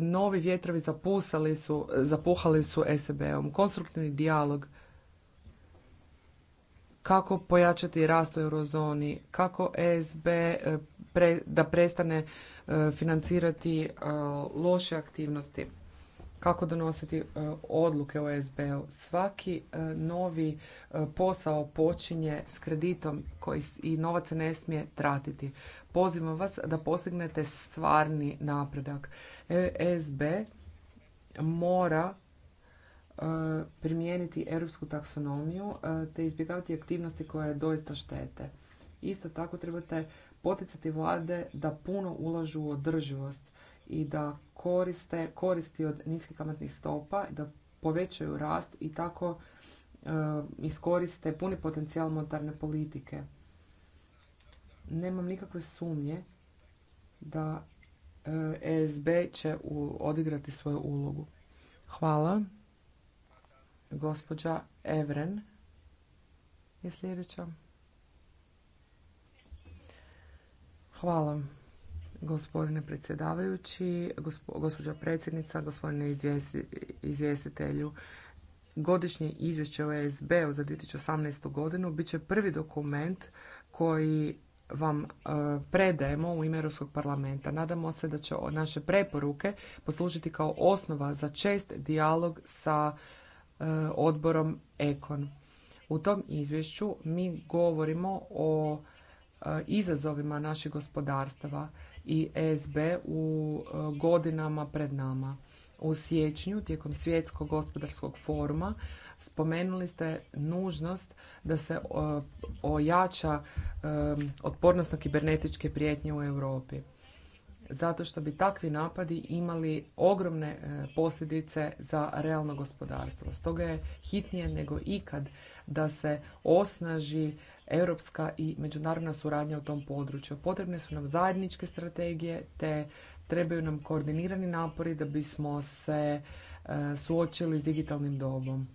novi vjetrovi zapusali su, zapuhali su SEB-om. Konstruktivni dijalog kako pojačati rast u eurozoni, kako ESB eh, da prestane eh, financirati eh, loše aktivnosti, kako donositi odluke o sb u Svaki novi posao počinje s kreditom koji i novac se ne smije tratiti. Pozivam vas da postignete stvarni napredak. ESB mora e, primijeniti europsku taksonomiju e, te izbjegavati aktivnosti koje doista štete. Isto tako trebate poticati vlade da puno ulažu u održivost i da koriste koristi od niskih kamatnih stopa, da povećaju rast i tako e, iskoriste puni potencijal monetarne politike nemam nikakve sumnje da ESB e će odigrati svoju ulogu. Hvala. Gospođa Evren je sljedeća. Hvala gospodine predsjedavajući, gospođa predsjednica, gospodine izvjestitelju. Godišnje izvješće o ESB-u za 2018. godinu bit će prvi dokument koji vam e, predajemo u ime Europskog parlamenta. Nadamo se da će naše preporuke poslužiti kao osnova za čest dijalog sa e, odborom Ekon. U tom izvješću mi govorimo o e, izazovima naših gospodarstava i SB u godinama pred nama. U siječnju tijekom svjetskog gospodarskog foruma Spomenuli ste nužnost da se ojača otpornost na kibernetičke prijetnje u Europi. Zato što bi takvi napadi imali ogromne e, posljedice za realno gospodarstvo. Stoga je hitnije nego ikad da se osnaži europska i međunarodna suradnja u tom području. Potrebne su nam zajedničke strategije te trebaju nam koordinirani napori da bismo se e, suočili s digitalnim dobom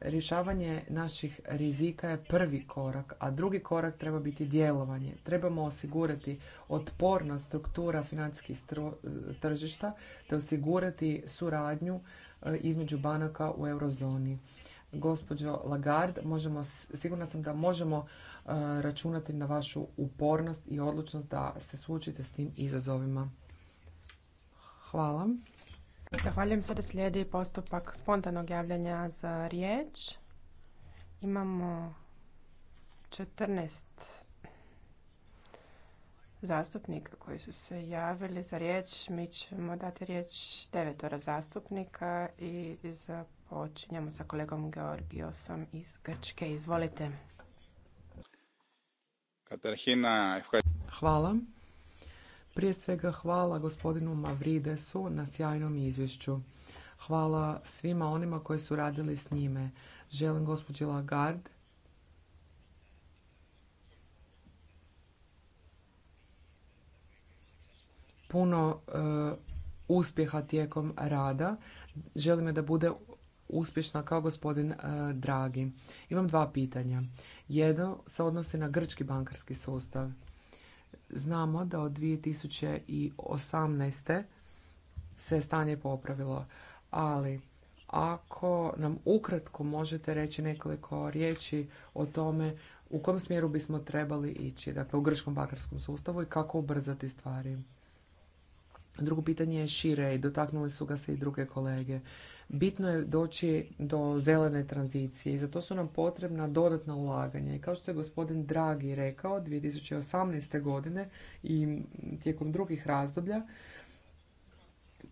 rješavanje naših rizika je prvi korak, a drugi korak treba biti djelovanje. Trebamo osigurati otpornost struktura financijskih e, tržišta te osigurati suradnju e, između banaka u eurozoni. Gospođo Lagarde, možemo, sigurna sam da možemo e, računati na vašu upornost i odlučnost da se suočite s tim izazovima. Hvala. Zahvaljujem. se da slijedi postupak spontanog javljanja za riječ. Imamo 14 zastupnika koji su se javili za riječ. Mi ćemo dati riječ devetora zastupnika i započinjemo sa kolegom Georgiosom iz Grčke. Izvolite. Hvala. Prije svega hvala gospodinu Mavridesu na sjajnom izvješću. Hvala svima onima koji su radili s njime. Želim gospođi Lagarde puno e, uspjeha tijekom rada. Želim je da bude uspješna kao gospodin e, Dragi. Imam dva pitanja. Jedno se odnosi na grčki bankarski sustav. Znamo da od 2018. se stanje popravilo, ali ako nam ukratko možete reći nekoliko riječi o tome u kom smjeru bismo trebali ići, dakle u grčkom bakarskom sustavu i kako ubrzati stvari. Drugo pitanje je šire i dotaknuli su ga se i druge kolege. Bitno je doći do zelene tranzicije i za to su nam potrebna dodatna ulaganja. I kao što je gospodin Dragi rekao, 2018. godine i tijekom drugih razdoblja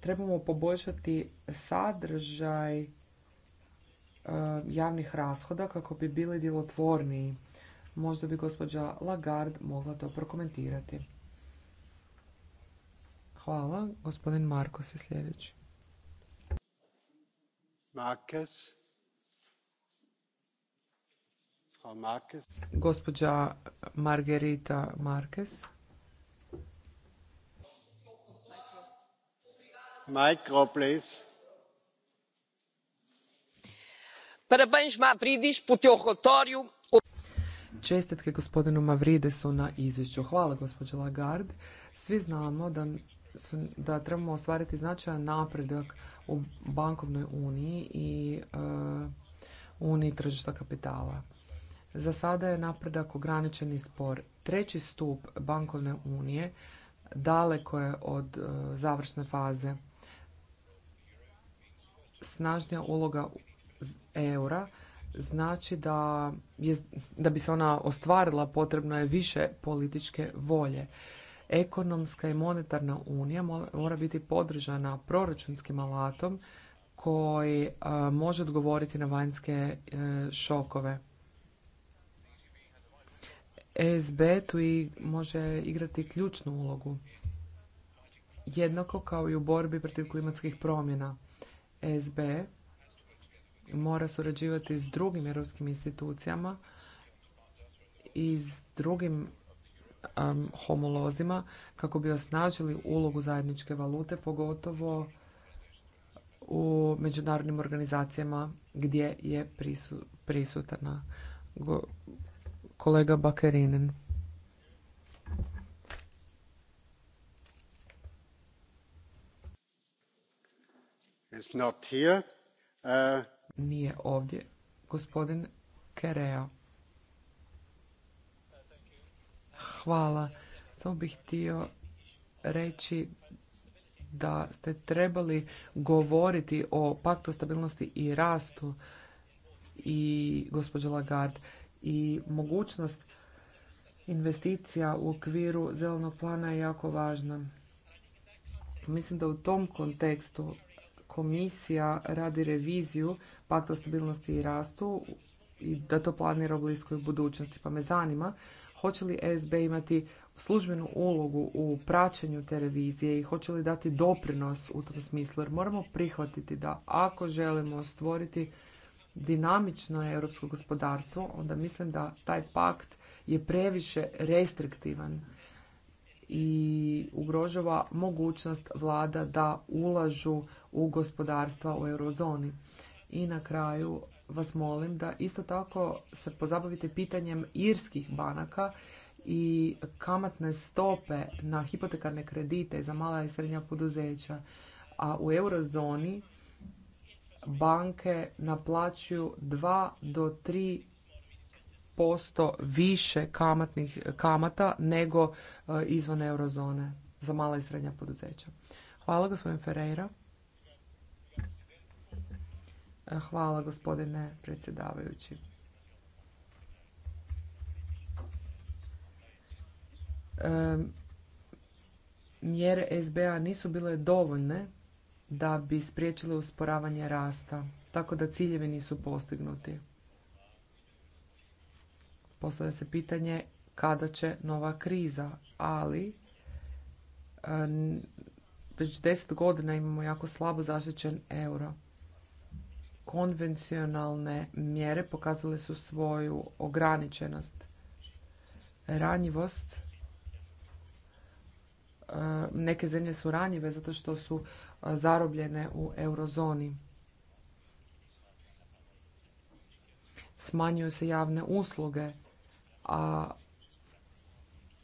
trebamo poboljšati sadržaj e, javnih rashoda kako bi bili djelotvorniji. Možda bi gospođa Lagarde mogla to prokomentirati. Hvala. Gospodin Markos je sljedeći. Markes. Frau Markes. Gospođa Margerita Markes. Micro, please. Parabéns, Mavridis, po teu relatório. Čestitke gospodinu Mavridesu na izvješću. Hvala, gospođo Lagarde. Svi znamo da da trebamo ostvariti značajan napredak u bankovnoj uniji i e, uniji tržišta kapitala. Za sada je napredak ograničeni spor. Treći stup bankovne unije daleko je od e, završne faze. Snažnija uloga eura znači da, je, da bi se ona ostvarila potrebno je više političke volje. Ekonomska i monetarna unija mora biti podržana proračunskim alatom koji e, može odgovoriti na vanjske e, šokove. ESB tu i može igrati ključnu ulogu. Jednako kao i u borbi protiv klimatskih promjena. ESB mora surađivati s drugim europskim institucijama i s drugim homolozima kako bi osnažili ulogu zajedničke valute, pogotovo u međunarodnim organizacijama gdje je prisutna prisutana kolega Bakarinen. Uh, Nije ovdje gospodin Kereo. Hvala. Samo bih htio reći da ste trebali govoriti o paktu stabilnosti i rastu i gospođo Lagarde i mogućnost investicija u okviru zelenog plana je jako važna. Mislim da u tom kontekstu komisija radi reviziju pakta o stabilnosti i rastu i da to planira u bliskoj budućnosti. Pa me zanima Hoće li SB imati službenu ulogu u praćenju te revizije i hoće li dati doprinos u tom smislu? Jer moramo prihvatiti da ako želimo stvoriti dinamično europsko gospodarstvo, onda mislim da taj pakt je previše restriktivan i ugrožava mogućnost vlada da ulažu u gospodarstva u eurozoni. I na kraju vas molim da isto tako se pozabavite pitanjem irskih banaka i kamatne stope na hipotekarne kredite za mala i srednja poduzeća. A u eurozoni banke naplaćuju 2 do 3 posto više kamatnih kamata nego e, izvan eurozone za mala i srednja poduzeća. Hvala gospodin Ferreira. Hvala gospodine predsjedavajući. Mjere SBA nisu bile dovoljne da bi spriječile usporavanje rasta, tako da ciljevi nisu postignuti. Postavlja se pitanje kada će nova kriza, ali već deset godina imamo jako slabo zaštićen euro konvencionalne mjere pokazale su svoju ograničenost. Ranjivost e, neke zemlje su ranjive zato što su e, zarobljene u eurozoni. Smanjuju se javne usluge, a,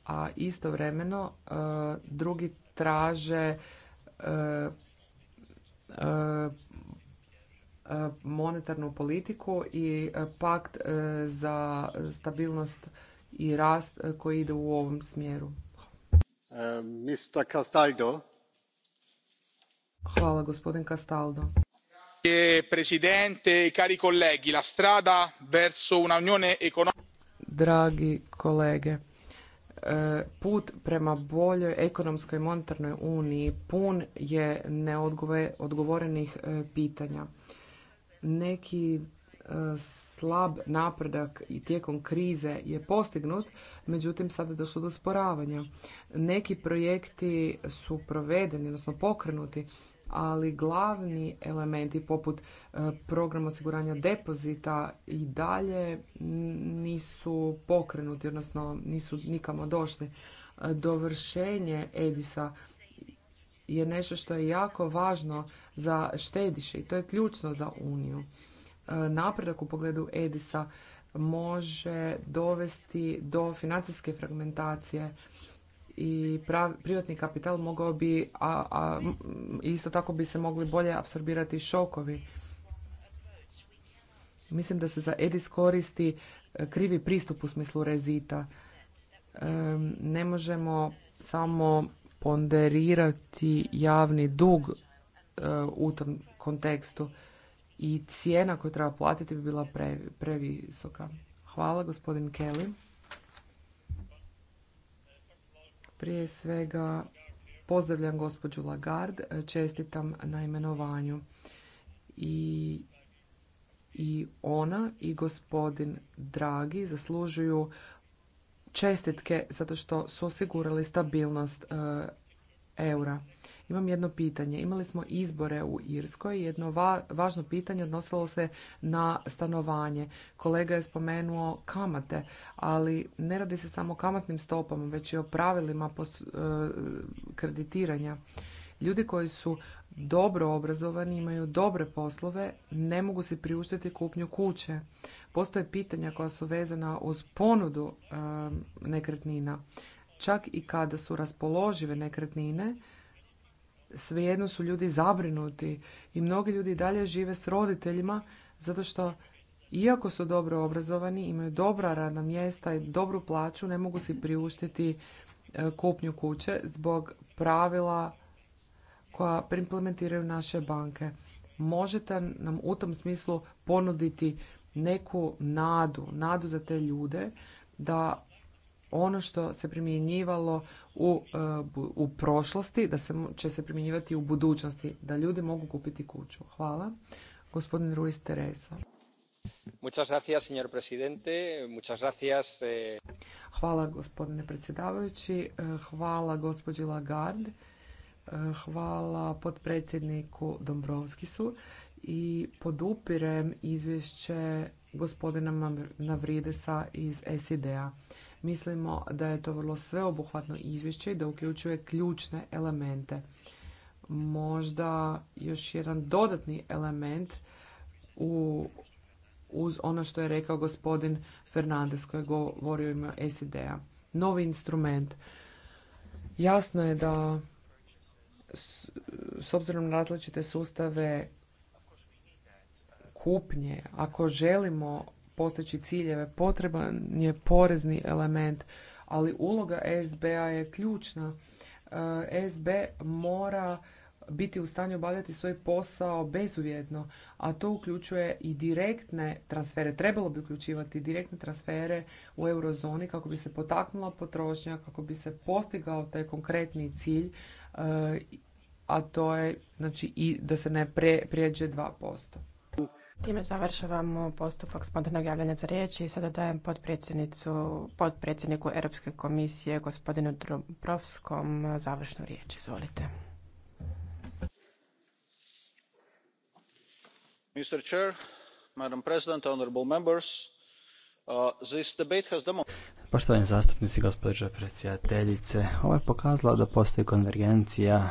a istovremeno e, drugi traže monetarnu politiku i e, pakt e, za stabilnost i rast e, koji ide u ovom smjeru. Mr. Castaldo. Hvala, gospodin Castaldo. Presidente, cari colleghi, la strada verso una Dragi kolege, put prema boljoj ekonomskoj monetarnoj uniji pun je neodgovorenih pitanja neki e, slab napredak i tijekom krize je postignut, međutim sada je došlo do sporavanja. Neki projekti su provedeni, odnosno pokrenuti, ali glavni elementi poput e, programa osiguranja depozita i dalje nisu pokrenuti, odnosno nisu nikamo došli. E, dovršenje Edisa je nešto što je jako važno za štediše i to je ključno za Uniju. E, napredak u pogledu Edisa može dovesti do financijske fragmentacije i privatni kapital mogao bi, a, a isto tako bi se mogli bolje apsorbirati šokovi. Mislim da se za Edis koristi e, krivi pristup u smislu rezita. E, ne možemo samo ponderirati javni dug E, u tom kontekstu i cijena koju treba platiti bi bila pre, previsoka. Hvala, gospodin Kelly. Prije svega pozdravljam gospođu Lagarde, e, čestitam na imenovanju. I, I ona i gospodin Dragi zaslužuju čestitke zato što su osigurali stabilnost e, eura. Imam jedno pitanje. Imali smo izbore u Irskoj. Jedno važno pitanje odnosilo se na stanovanje. Kolega je spomenuo kamate, ali ne radi se samo o kamatnim stopama, već i o pravilima e, kreditiranja. Ljudi koji su dobro obrazovani, imaju dobre poslove, ne mogu se priuštiti kupnju kuće. Postoje pitanja koja su vezana uz ponudu e, nekretnina. Čak i kada su raspoložive nekretnine, svejedno su ljudi zabrinuti i mnogi ljudi dalje žive s roditeljima zato što iako su dobro obrazovani, imaju dobra radna mjesta i dobru plaću, ne mogu si priuštiti e, kupnju kuće zbog pravila koja implementiraju naše banke. Možete nam u tom smislu ponuditi neku nadu, nadu za te ljude da ono što se primjenjivalo u, e, u prošlosti, da se, će se primjenjivati u budućnosti, da ljudi mogu kupiti kuću. Hvala. Gospodin Ruiz Teresa. Muchas gracias, señor presidente. Muchas gracias. Eh. Hvala gospodine predsjedavajući, e, hvala gospođi Lagarde, e, hvala potpredsjedniku Dombrovskisu i podupirem izvješće gospodina Navridesa iz SID-a. Mislimo da je to vrlo sveobuhvatno izvješće i da uključuje ključne elemente. Možda još jedan dodatni element u, uz ono što je rekao gospodin Fernandez koji je govorio ima SID-a. Novi instrument. Jasno je da s obzirom na različite sustave kupnje, ako želimo postići ciljeve potreban je porezni element, ali uloga SBA je ključna. E, SB mora biti u stanju obavljati svoj posao bezuvjetno, a to uključuje i direktne transfere. Trebalo bi uključivati direktne transfere u eurozoni kako bi se potaknula potrošnja, kako bi se postigao taj konkretni cilj, e, a to je znači i da se ne prijeđe 2%. Time završavamo postupak spontanog javljanja za riječ i sada dajem podpredsjedniku Europske komisije gospodinu Dubrovskom završnu riječ. Izvolite. Mr. Chair, Madam President, honorable uh, Poštovani zastupnici, gospođo predsjedateljice, ovo je pokazalo da postoji konvergencija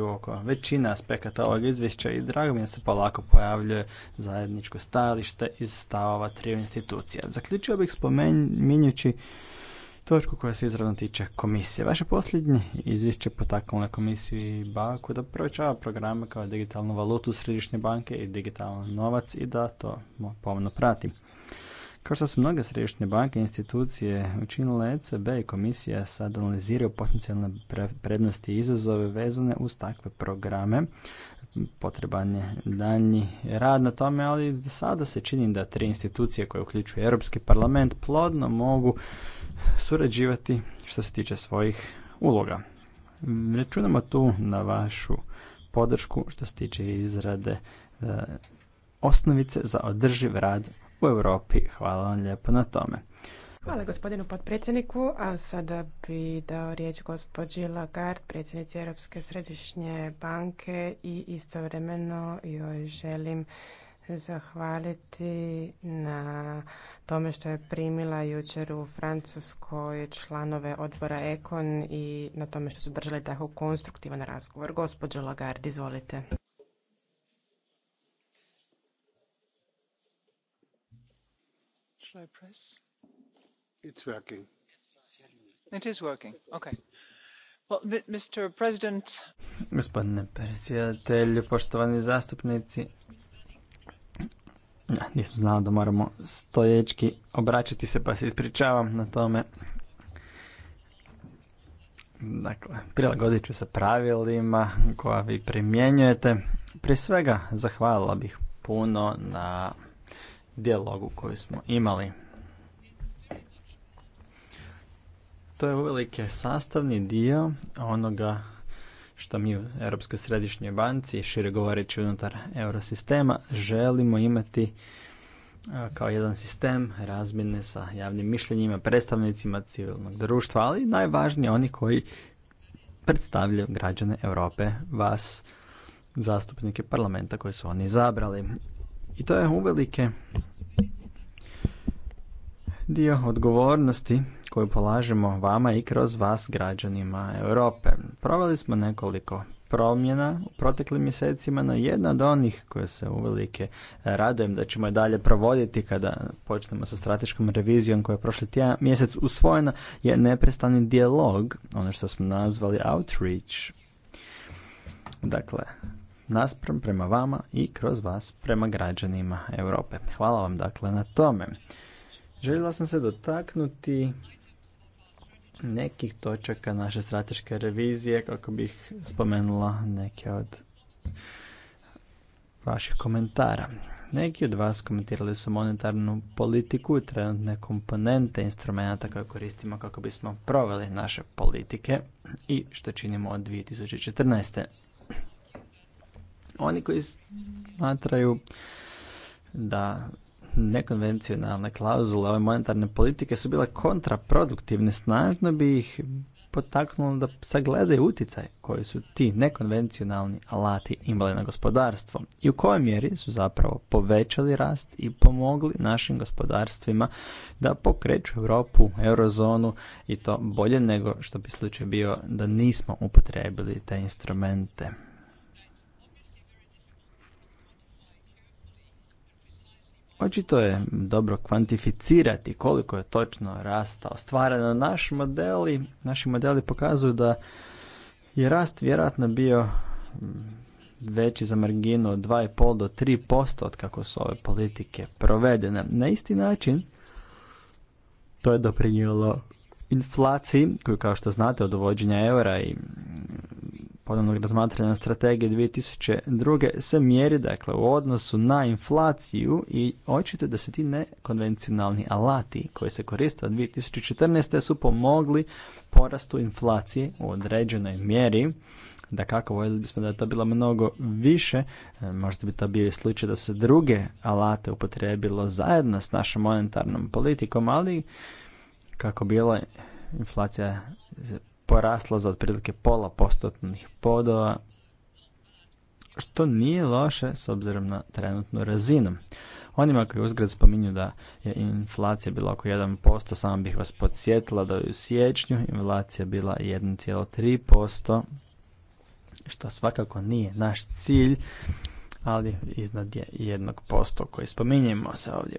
u oko Većina aspekata ovog izvješća i drago mi je se polako pojavljuje zajedničko stajalište iz stavova tri institucija. Zaključio bih spomenjući točku koja se izravno tiče komisije. Vaše posljednje izvješće potaknulo na komisiju i banku da provećava programe kao digitalnu valutu središnje banke i digitalan novac i da to pomno pratim. Kao što su mnoge središnje banke i institucije učinile ECB i komisija sad analiziraju potencijalne prednosti i izazove vezane uz takve programe. Potreban je danji rad na tome, ali sada se čini da tri institucije koje uključuju Europski parlament plodno mogu surađivati što se tiče svojih uloga. Računamo tu na vašu podršku što se tiče izrade e, osnovice za održiv rad u Europi. Hvala vam lijepo na tome. Hvala gospodinu potpredsjedniku, a sada bi dao riječ gospođi Lagarde, predsjednici Europske središnje banke i istovremeno joj želim zahvaliti na tome što je primila jučer u Francuskoj članove odbora Ekon i na tome što su držali tako konstruktivan razgovor. Gospođo Lagarde, izvolite. Gospodine predsjedatelju, poštovani zastupnici, ja, nisam znao da moramo stoječki obraćati se, pa se ispričavam na tome. Dakle, prilagodit ću se pravilima koja vi primjenjujete. Prije svega, zahvalila bih puno na dijalogu koji smo imali. To je uvelike sastavni dio onoga što mi u Europskoj središnjoj banci šire govoreći unutar eurosistema želimo imati e, kao jedan sistem razmjene sa javnim mišljenjima, predstavnicima civilnog društva, ali najvažnije oni koji predstavljaju građane Europe, vas, zastupnike parlamenta koji su oni izabrali. I to je uvelike dio odgovornosti koju polažemo vama i kroz vas građanima Europe. Proveli smo nekoliko promjena u proteklim mjesecima, no jedna od onih koje se uvelike e, radujem da ćemo je dalje provoditi kada počnemo sa strateškom revizijom koja je prošli tjedan mjesec usvojena je neprestani dijalog, ono što smo nazvali outreach. Dakle, naspram prema vama i kroz vas prema građanima Europe. Hvala vam dakle na tome. Željela sam se dotaknuti nekih točaka naše strateške revizije kako bih spomenula neke od vaših komentara. Neki od vas komentirali su monetarnu politiku i trenutne komponente instrumenta koje koristimo kako bismo proveli naše politike i što činimo od 2014. Oni koji smatraju da nekonvencionalne klauzule ove monetarne politike su bile kontraproduktivne, snažno bi ih potaknulo da sagledaju utjecaj koji su ti nekonvencionalni alati imali na gospodarstvo i u kojoj mjeri su zapravo povećali rast i pomogli našim gospodarstvima da pokreću Europu, eurozonu i to bolje nego što bi slučaj bio da nismo upotrebili te instrumente. Očito je dobro kvantificirati koliko je točno rasta ostvareno. Naš modeli, naši modeli pokazuju da je rast vjerojatno bio mm, veći za marginu od 2,5 do 3% od kako su ove politike provedene. Na isti način to je doprinijelo inflaciji koju kao što znate od uvođenja eura i mm, ponovnog razmatranja strategije 2002. se mjeri dakle, u odnosu na inflaciju i očito da se ti nekonvencionalni alati koji se koriste od 2014. su pomogli porastu inflacije u određenoj mjeri. Da kako voljeli bismo da je to bilo mnogo više, e, možda bi to bio i slučaj da se druge alate upotrijebilo zajedno s našom monetarnom politikom, ali kako bila inflacija porasla za otprilike pola postotnih podova, što nije loše s obzirom na trenutnu razinu. Onima koji uzgred spominju da je inflacija bila oko 1%, samo bih vas podsjetila da je u siječnju inflacija bila 1,3%, što svakako nije naš cilj, ali iznad je 1% koji spominjemo se ovdje.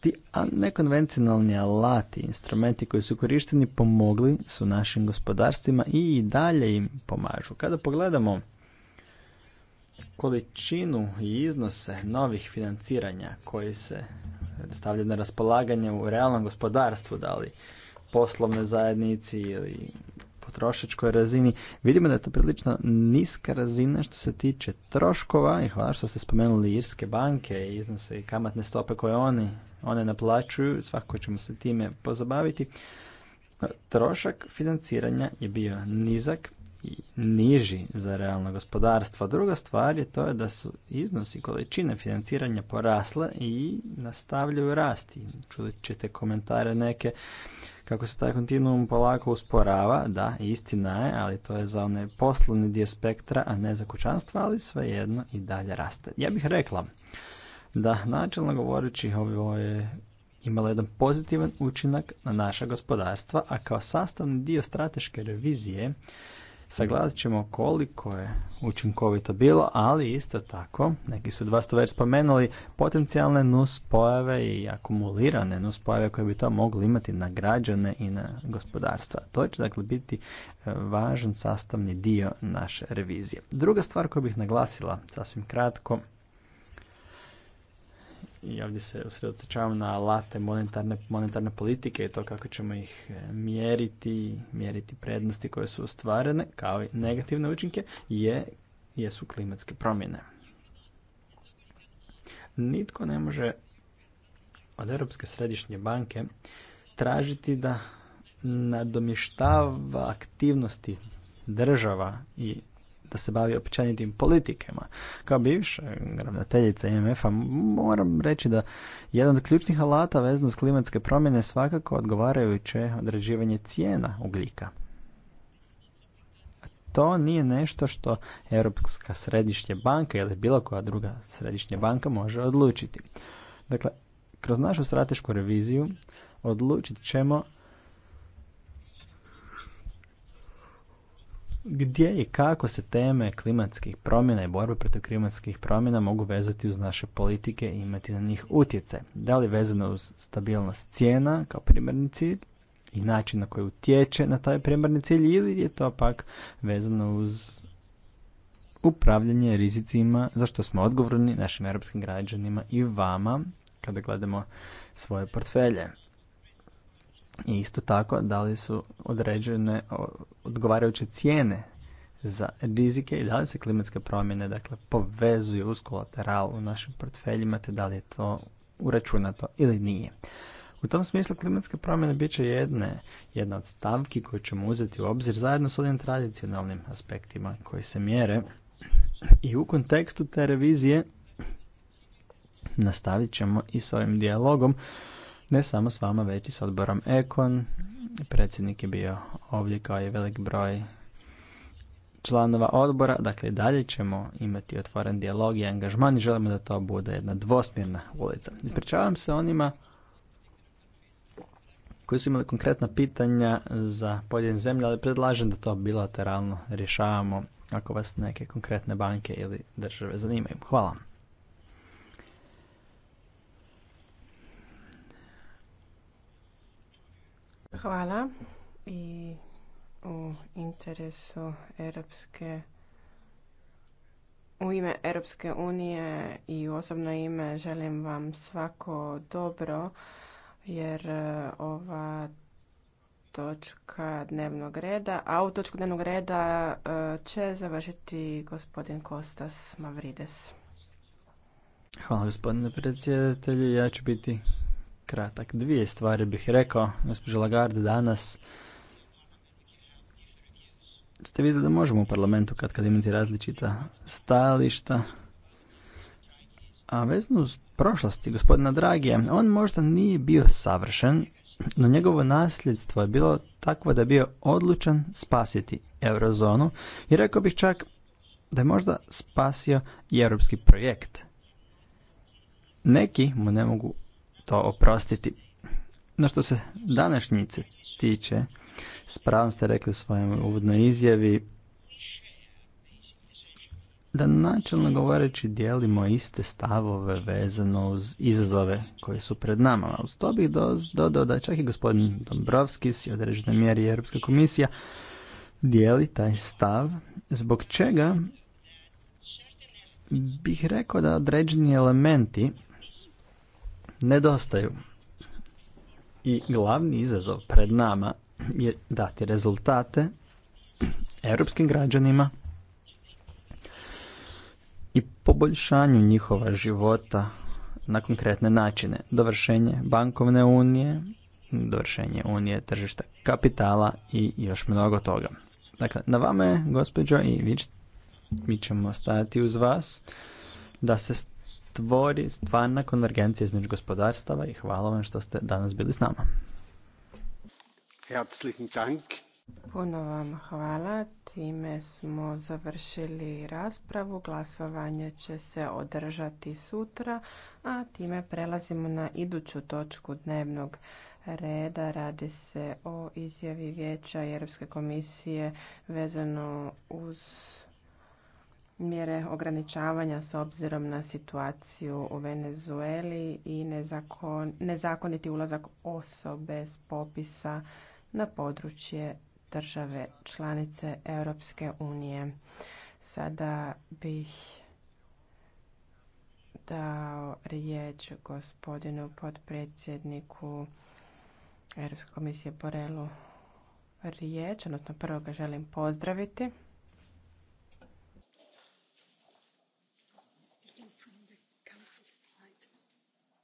Ti nekonvencionalni alati, instrumenti koji su korišteni pomogli su našim gospodarstvima i dalje im pomažu. Kada pogledamo količinu i iznose novih financiranja koji se stavljaju na raspolaganje u realnom gospodarstvu, da li poslovne zajednici ili potrošačkoj razini. Vidimo da je to prilično niska razina što se tiče troškova i hvala što ste spomenuli irske banke i iznose i kamatne stope koje oni, one naplaćuju, Svako ćemo se time pozabaviti. Trošak financiranja je bio nizak i niži za realno gospodarstvo. Druga stvar je to je da su iznosi količine financiranja porasle i nastavljaju rasti. Čulit ćete komentare neke kako se taj kontinuum polako usporava, da, istina je, ali to je za one poslovni dio spektra, a ne za kućanstva, ali svejedno i dalje raste. Ja bih rekla da načelno govoreći ovo je imalo jedan pozitivan učinak na naša gospodarstva, a kao sastavni dio strateške revizije sagledat ćemo koliko je učinkovito bilo, ali isto tako, neki su od vas to već spomenuli, potencijalne nuspojave i akumulirane nuspojave koje bi to mogli imati na građane i na gospodarstva. To će dakle biti e, važan sastavni dio naše revizije. Druga stvar koju bih naglasila, sasvim kratko, i ovdje se usredotočavam na alate monetarne, monetarne politike i to kako ćemo ih e, mjeriti, mjeriti prednosti koje su ostvarene, kao i negativne učinke, je, jesu klimatske promjene. Nitko ne može od Europske središnje banke tražiti da nadomještava aktivnosti država i da se bavi općenitim politikama. Kao bivša ravnateljica IMF-a moram reći da jedan od ključnih alata vezano klimatske promjene svakako odgovarajuće određivanje cijena ugljika. To nije nešto što Europska središnja banka ili bilo koja druga središnja banka može odlučiti. Dakle, kroz našu stratešku reviziju odlučit ćemo gdje i kako se teme klimatskih promjena i borbe protiv klimatskih promjena mogu vezati uz naše politike i imati na njih utjecaj. Da li vezano uz stabilnost cijena kao primarni cilj i način na koji utječe na taj primarni cilj ili je to pak vezano uz upravljanje rizicima za što smo odgovorni našim europskim građanima i vama kada gledamo svoje portfelje. I isto tako, da li su određene odgovarajuće cijene za rizike i da li se klimatske promjene dakle, povezuju uz kolateral u našim portfeljima, te da li je to uračunato ili nije. U tom smislu klimatske promjene bit će jedne, jedna od stavki koju ćemo uzeti u obzir zajedno s ovim tradicionalnim aspektima koji se mjere. I u kontekstu te revizije nastavit ćemo i s ovim dijalogom ne samo s vama, već i s odborom Ekon. Predsjednik je bio ovdje kao i velik broj članova odbora. Dakle, dalje ćemo imati otvoren dijalog i angažman i želimo da to bude jedna dvosmjerna ulica. Ispričavam se onima koji su imali konkretna pitanja za pojedine zemlje, ali predlažem da to bilateralno rješavamo ako vas neke konkretne banke ili države zanimaju. Hvala. Hvala i u interesu Europske u ime Europske unije i u osobno ime želim vam svako dobro jer e, ova točka dnevnog reda, a ovu točku dnevnog reda e, će završiti gospodin Kostas Mavrides. Hvala gospodine predsjedatelju, ja ću biti kratak. Dvije stvari bih rekao, gospođo Lagarde, danas ste vidjeli da možemo u parlamentu kad kad imati različita stajališta. A vezano uz prošlosti gospodina Dragije, on možda nije bio savršen, no njegovo nasljedstvo je bilo takvo da je bio odlučan spasiti eurozonu i rekao bih čak da je možda spasio i europski projekt. Neki mu ne mogu to oprostiti. No što se današnjice tiče, s pravom ste rekli u svojoj uvodnoj izjavi da načelno govoreći dijelimo iste stavove vezano uz izazove koje su pred nama. Uz to bih dodao da čak i gospodin Dombrovskis i određene mjeri Europska komisija dijeli taj stav zbog čega bih rekao da određeni elementi nedostaju. I glavni izazov pred nama je dati rezultate europskim građanima i poboljšanju njihova života na konkretne načine. Dovršenje bankovne unije, dovršenje unije tržišta kapitala i još mnogo toga. Dakle, na vama je, gospođo, i vi, mi ćemo stajati uz vas da se stvori stvarna konvergencija između gospodarstava i hvala vam što ste danas bili s nama. Herzlichen Dank. Puno vam hvala. Time smo završili raspravu. Glasovanje će se održati sutra, a time prelazimo na iduću točku dnevnog reda. Radi se o izjavi Vijeća i Europske komisije vezano uz mjere ograničavanja s obzirom na situaciju u Venezueli i nezakon, nezakoniti ulazak osobe bez popisa na područje države članice Europske unije. Sada bih dao riječ gospodinu potpredsjedniku Europske komisije Borelu riječ, odnosno prvo ga želim pozdraviti.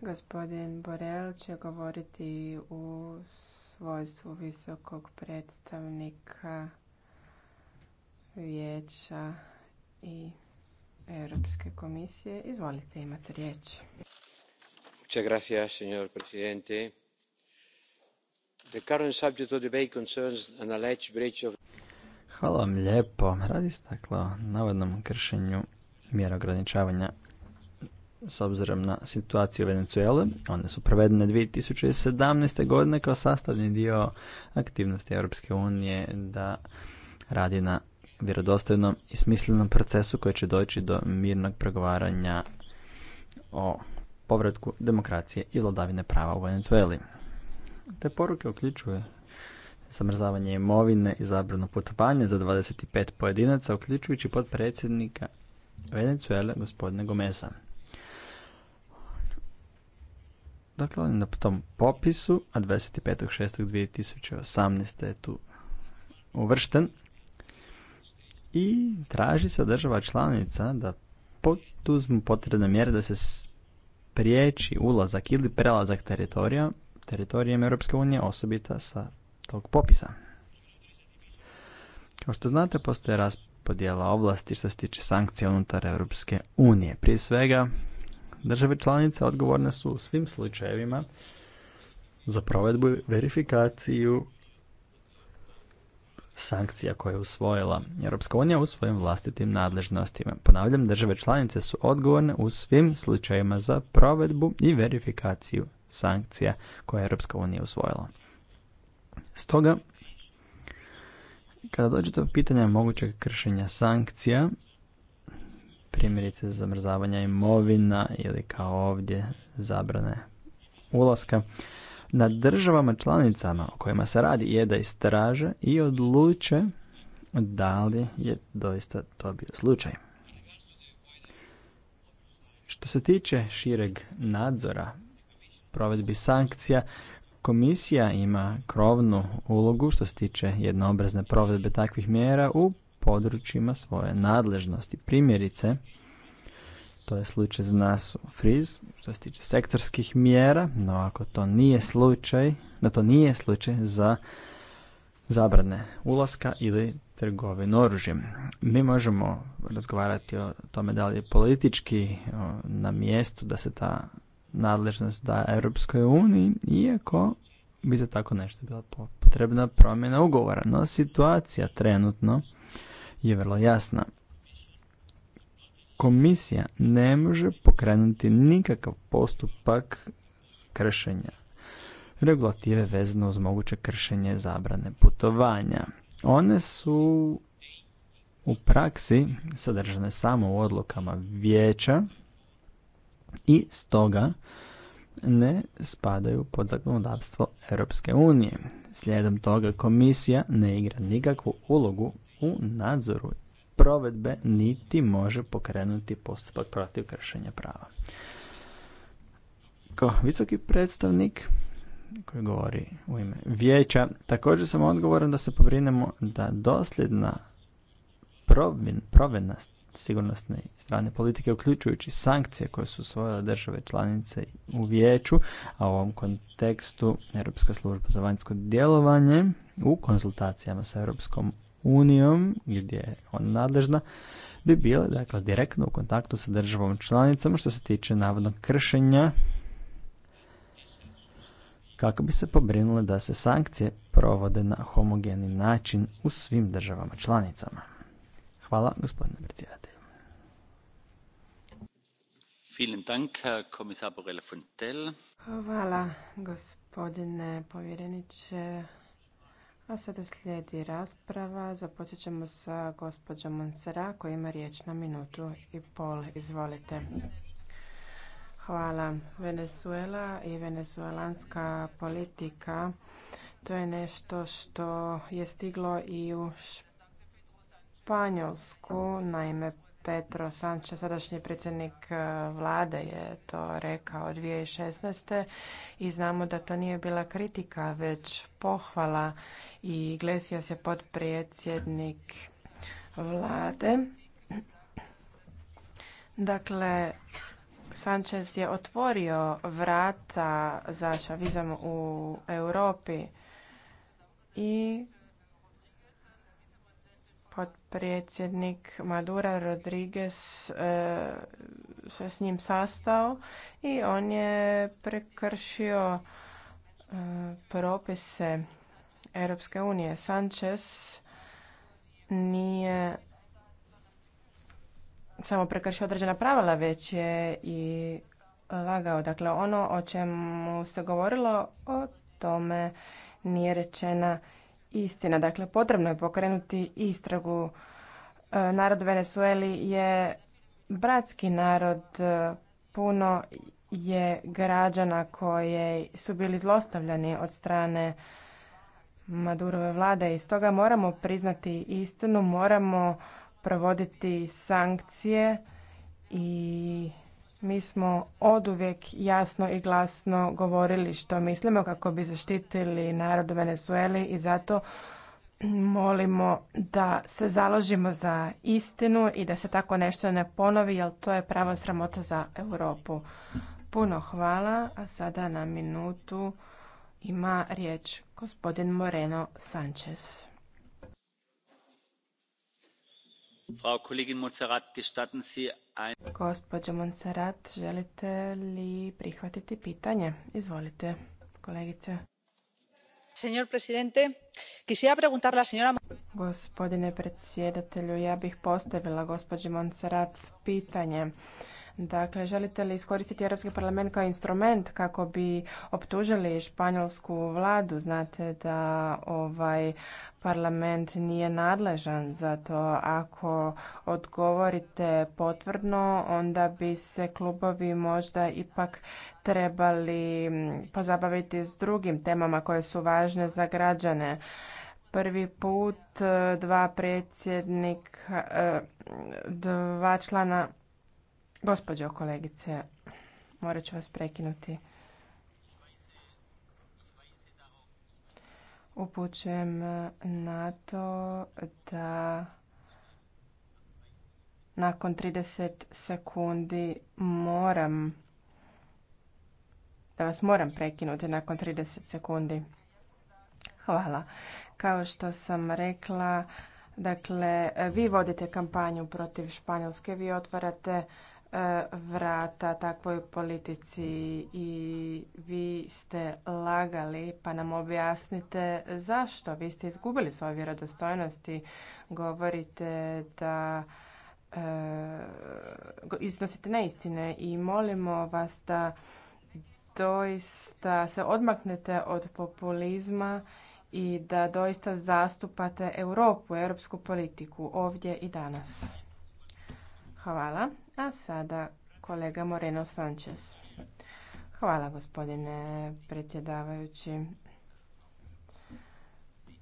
Gospodin Borel će govoriti u svojstvu visokog predstavnika vijeća i Europske komisije. Izvolite, imate riječ. Muchas gracias, señor presidente. The current subject of debate concerns an alleged breach Hvala vam lijepo. Radi se dakle, o navodnom kršenju mjera ograničavanja s obzirom na situaciju u Venezuele. One su provedene 2017. godine kao sastavni dio aktivnosti Europske unije da radi na vjerodostojnom i smislenom procesu koji će doći do mirnog pregovaranja o povratku demokracije i vladavine prava u Venezueli. Te poruke uključuje zamrzavanje imovine i zabrano putovanje za 25 pojedinaca, uključujući podpredsjednika Venezuele gospodine Gomeza. Dakle, on na tom popisu, a 25.6.2018. je tu uvršten. I traži se od država članica da poduzmu potrebne mjere da se priječi ulazak ili prelazak teritorija teritorijem Europske unije, osobita sa tog popisa. Kao što znate, postoje raspodjela ovlasti što se tiče sankcija unutar Europske unije. Prije svega, Države članice odgovorne su u svim slučajevima za provedbu i verifikaciju sankcija koje je usvojila Europska unija u svojim vlastitim nadležnostima. Ponavljam, države članice su odgovorne u svim slučajevima za provedbu i verifikaciju sankcija koje je Europska unija usvojila. Stoga, kada dođe do pitanja mogućeg kršenja sankcija, primjerice zamrzavanja imovina ili kao ovdje zabrane ulaska. Na državama članicama o kojima se radi je da istraže i odluče da li je doista to bio slučaj. Što se tiče šireg nadzora provedbi sankcija, komisija ima krovnu ulogu što se tiče jednoobrazne provedbe takvih mjera u područjima svoje nadležnosti. Primjerice, to je slučaj za nas u Friz, što se tiče sektorskih mjera, no ako to nije slučaj, da to nije slučaj za zabrane ulaska ili trgovin oružjem. Mi možemo razgovarati o tome da li je politički na mjestu da se ta nadležnost da Europskoj uniji, iako bi za tako nešto bila potrebna promjena ugovora. No situacija trenutno je vrlo jasna. Komisija ne može pokrenuti nikakav postupak kršenja regulative vezano uz moguće kršenje zabrane putovanja. One su u praksi sadržane samo u odlukama vijeća i stoga ne spadaju pod zakonodavstvo Europske unije. Slijedom toga komisija ne igra nikakvu ulogu u nadzoru provedbe niti može pokrenuti postupak protiv kršenja prava. Kao visoki predstavnik koji govori u ime vijeća, također sam odgovoran da se pobrinemo da dosljedna provedna sigurnosne strane politike, uključujući sankcije koje su svoje države članice u vijeću, a u ovom kontekstu Europska služba za vanjsko djelovanje u konzultacijama sa Europskom unijom, gdje je ona nadležna, bi bile dakle, direktno u kontaktu sa državom članicom što se tiče navodnog kršenja kako bi se pobrinule da se sankcije provode na homogeni način u svim državama članicama. Hvala gospodine predsjedatelju. Hvala gospodine povjereniče a sada slijedi rasprava. Započet ćemo sa gospođom Monsera koja ima riječ na minutu i pol. Izvolite. Hvala. Venezuela i venezuelanska politika to je nešto što je stiglo i u Španjolsku. Naime, Petro Sanče, sadašnji predsjednik e, vlade je to rekao 2016. i znamo da to nije bila kritika, već pohvala i se se potpredsjednik vlade. Dakle, Sanchez je otvorio vrata za šavizam u Europi i potpredsjednik Madura Rodriguez e, se s njim sastao i on je prekršio e, propise Europske unije. Sanchez nije samo prekršio određena pravila, već je i lagao. Dakle, ono o čemu se govorilo, o tome nije rečena istina. Dakle, potrebno je pokrenuti istragu. E, narod Venezueli je bratski narod, e, puno je građana koji su bili zlostavljani od strane Madurove vlade i stoga moramo priznati istinu, moramo provoditi sankcije i mi smo oduvijek jasno i glasno govorili što mislimo kako bi zaštitili narod u Venezueli i zato molimo da se založimo za istinu i da se tako nešto ne ponovi jer to je prava sramota za Europu. Puno hvala, a sada na minutu ima riječ gospodin Moreno Sanchez. Gospođo montserrat želite li prihvatiti pitanje? Izvolite, kolegice. Señor presidente, quisiera Gospodine predsjedatelju, ja bih postavila gospođi Montserrat pitanje. Dakle, želite li iskoristiti Europski parlament kao instrument kako bi optužili španjolsku vladu? Znate da ovaj parlament nije nadležan za to. Ako odgovorite potvrdno, onda bi se klubovi možda ipak trebali mm, pozabaviti s drugim temama koje su važne za građane prvi put eh, dva predsjednika, eh, dva člana Gospođo kolegice, morat ću vas prekinuti. Upućujem na to da nakon 30 sekundi moram da vas moram prekinuti nakon 30 sekundi. Hvala. Kao što sam rekla, dakle vi vodite kampanju protiv Španjolske, vi otvarate E, vrata takvoj politici i vi ste lagali, pa nam objasnite zašto. Vi ste izgubili svoje vjerodostojnosti. govorite da e, iznosite neistine i molimo vas da doista se odmaknete od populizma i da doista zastupate Europu, europsku politiku ovdje i danas. Hvala. A sada kolega Moreno Sanchez. Hvala gospodine predsjedavajući.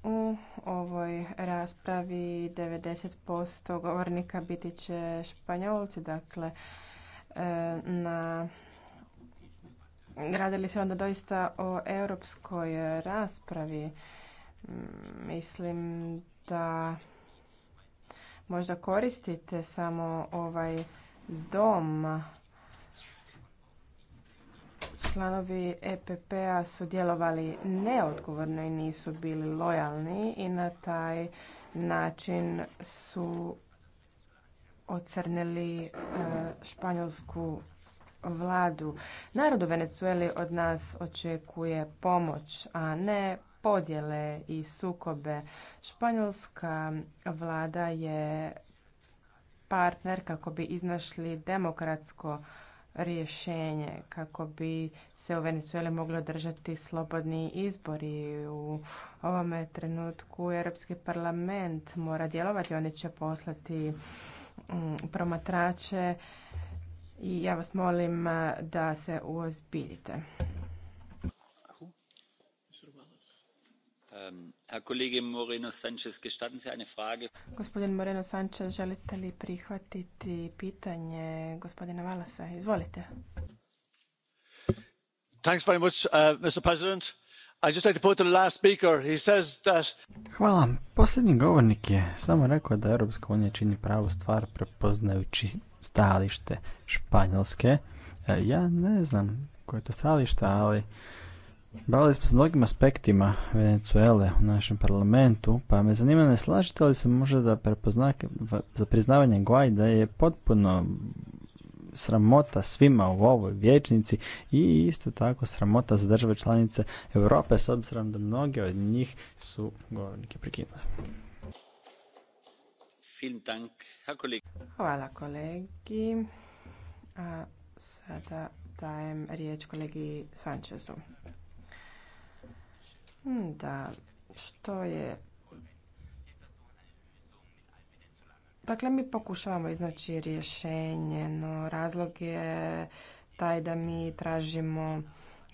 U ovoj raspravi 90% govornika biti će španjolci, dakle e, na Radili se onda doista o europskoj raspravi. Mm, mislim da možda koristite samo ovaj dom. Članovi EPP-a su djelovali neodgovorno i nisu bili lojalni i na taj način su ocrnili e, španjolsku vladu. Narod u Venezueli od nas očekuje pomoć, a ne podjele i sukobe. Španjolska vlada je partner kako bi iznašli demokratsko rješenje kako bi se u Venezueli mogli održati slobodni izbori. U ovome trenutku Europski parlament mora djelovati, oni će poslati mm, promatrače i ja vas molim da se uozbiljite. Gospodin Moreno Sanchez, želite li prihvatiti pitanje gospodina Valasa? Izvolite. Uh, Hvala. Posljednji govornik je samo rekao da Europska unija čini pravu stvar prepoznajući stajalište Španjolske. E, ja ne znam koje je to stajalište, ali Bavili smo se mnogim aspektima Venezuele u našem parlamentu, pa me zanima ne slažete li se možda da prepoznake za priznavanje da je potpuno sramota svima u ovoj vječnici i isto tako sramota za države članice Europe s obzirom da mnoge od njih su govornike prekinule. Hvala kolegi. sada dajem riječ kolegi Sančezu da što je Dakle, mi pokušavamo iznaći rješenje, no razlog je taj da mi tražimo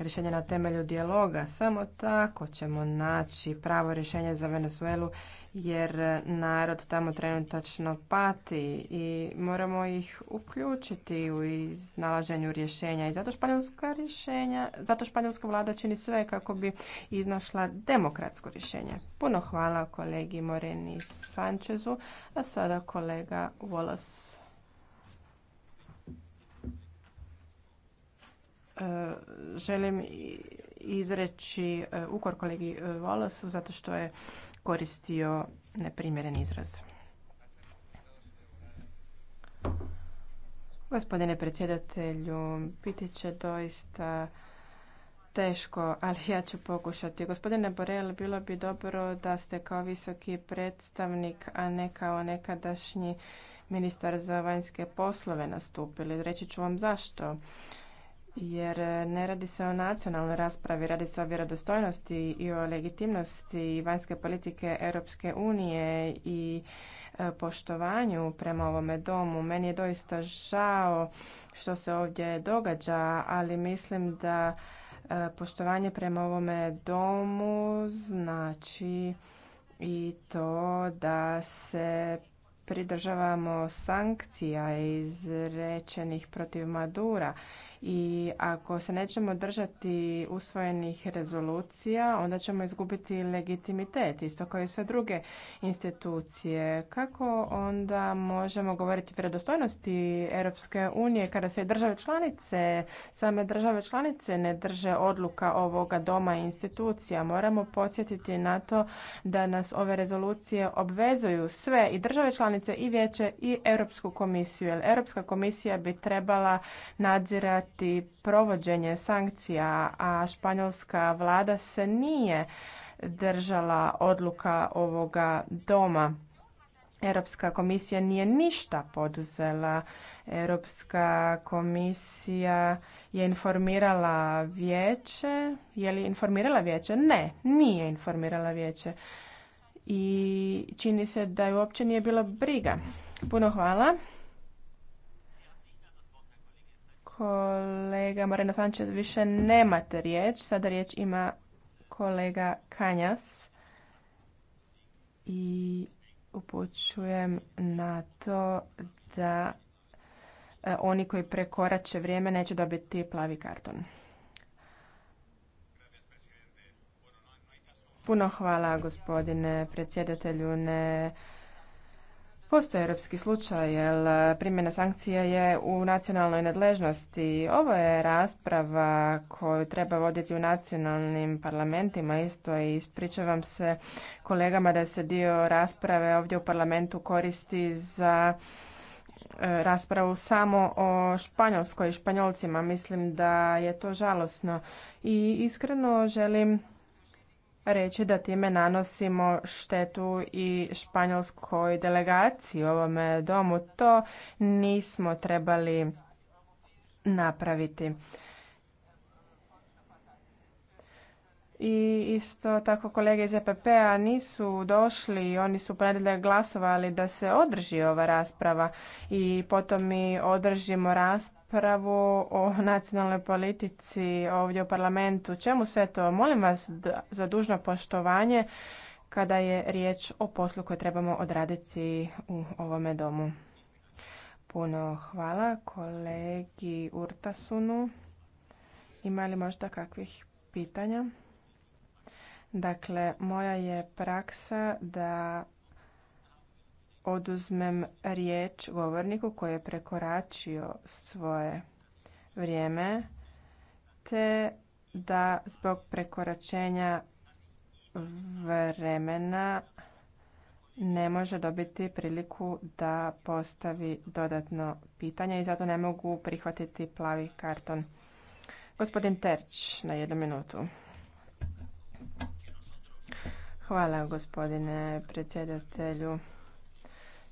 rješenje na temelju dijaloga. Samo tako ćemo naći pravo rješenje za Venezuelu jer narod tamo trenutačno pati i moramo ih uključiti u iznalaženju rješenja. I zato španjolska rješenja, zato španjolska vlada čini sve kako bi iznašla demokratsko rješenje. Puno hvala kolegi Moreni Sančezu, a sada kolega Wallace. E, želim izreći e, ukor kolegi Volosu e, zato što je koristio neprimjeren izraz. Gospodine predsjedatelju, biti će doista teško, ali ja ću pokušati. Gospodine Borel, bilo bi dobro da ste kao visoki predstavnik, a ne kao nekadašnji ministar za vanjske poslove nastupili. Reći ću vam zašto jer e, ne radi se o nacionalnoj raspravi, radi se o vjerodostojnosti i o legitimnosti vanjske politike Europske unije i e, poštovanju prema ovome domu. Meni je doista žao što se ovdje događa, ali mislim da e, poštovanje prema ovome domu znači i to da se pridržavamo sankcija izrečenih protiv Madura i ako se nećemo držati usvojenih rezolucija, onda ćemo izgubiti legitimitet, isto kao i sve druge institucije. Kako onda možemo govoriti o vjerodostojnosti Europske unije kada se države članice, same države članice ne drže odluka ovoga doma institucija? Moramo podsjetiti na to da nas ove rezolucije obvezuju sve i države članice i vijeće i Europsku komisiju. Jer Europska komisija bi trebala nadzirati provođenje sankcija, a španjolska vlada se nije držala odluka ovoga doma. Europska komisija nije ništa poduzela. Europska komisija je informirala vijeće. Je li informirala vijeće? Ne, nije informirala vijeće. I čini se da je uopće nije bilo briga. Puno hvala. Kolega Moreno Sanchez, više nemate riječ. Sada riječ ima kolega Kanjas. I upućujem na to da e, oni koji prekorače vrijeme neće dobiti plavi karton. Puno hvala gospodine predsjedatelju. Ne Postoje europski slučaj, jer primjena sankcija je u nacionalnoj nadležnosti. Ovo je rasprava koju treba voditi u nacionalnim parlamentima. Isto i ispričavam se kolegama da se dio rasprave ovdje u parlamentu koristi za e, raspravu samo o Španjolskoj i Španjolcima. Mislim da je to žalosno i iskreno želim reći da time nanosimo štetu i španjolskoj delegaciji u ovome domu. To nismo trebali napraviti. i isto tako kolege iz EPP-a nisu došli, oni su ponedjeljak glasovali da se održi ova rasprava i potom mi održimo raspravu raspravu o nacionalnoj politici ovdje u parlamentu. Čemu sve to? Molim vas za dužno poštovanje kada je riječ o poslu koje trebamo odraditi u ovome domu. Puno hvala kolegi Urtasunu. Ima li možda kakvih pitanja? Dakle, moja je praksa da oduzmem riječ govorniku koji je prekoračio svoje vrijeme te da zbog prekoračenja vremena ne može dobiti priliku da postavi dodatno pitanje i zato ne mogu prihvatiti plavi karton. Gospodin Terč na jednu minutu. Hvala gospodine predsjedatelju.